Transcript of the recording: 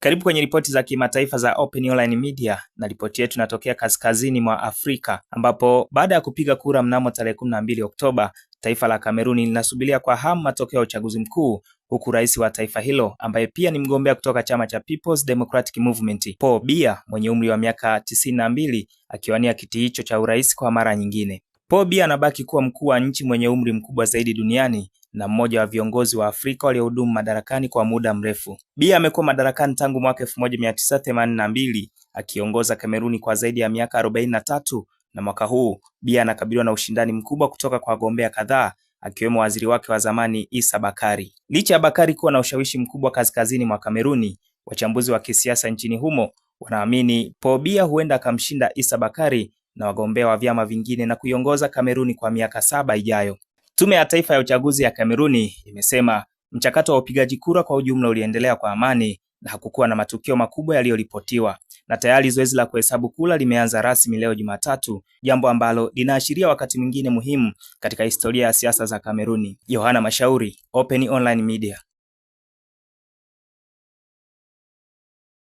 Karibu kwenye ripoti za kimataifa za Open Online Media na ripoti yetu inatokea kaskazini mwa Afrika ambapo baada ya kupiga kura mnamo tarehe 12 Oktoba, taifa la Kameruni linasubiria kwa hamu matokeo ya uchaguzi mkuu huku rais wa taifa hilo ambaye pia ni mgombea kutoka chama cha People's Democratic Movement, Paul Biya mwenye umri wa miaka tisini na mbili akiwania kiti hicho cha urais kwa mara nyingine. Paul Biya anabaki kuwa mkuu wa nchi mwenye umri mkubwa zaidi duniani na mmoja wa viongozi wa Afrika waliohudumu madarakani kwa muda mrefu. Biya amekuwa madarakani tangu mwaka 1982 akiongoza Kameruni kwa zaidi ya miaka 43 na mwaka huu Biya anakabiliwa na ushindani mkubwa kutoka kwa wagombea kadhaa akiwemo waziri wake wa zamani Isa Bakari. Licha ya Bakari kuwa na ushawishi mkubwa kaskazini mwa Kameruni, wachambuzi wa kisiasa nchini humo wanaamini Paul Biya huenda akamshinda Isa Bakari na wagombea wa vyama vingine na kuiongoza Kameruni kwa miaka saba ijayo. Tume ya Taifa ya Uchaguzi ya Kameruni imesema mchakato wa upigaji kura kwa ujumla uliendelea kwa amani na hakukuwa na matukio makubwa yaliyoripotiwa, na tayari zoezi la kuhesabu kura limeanza rasmi leo Jumatatu, jambo ambalo linaashiria wakati mwingine muhimu katika historia ya siasa za Kameruni. Yohana Mashauri, Open Online Media.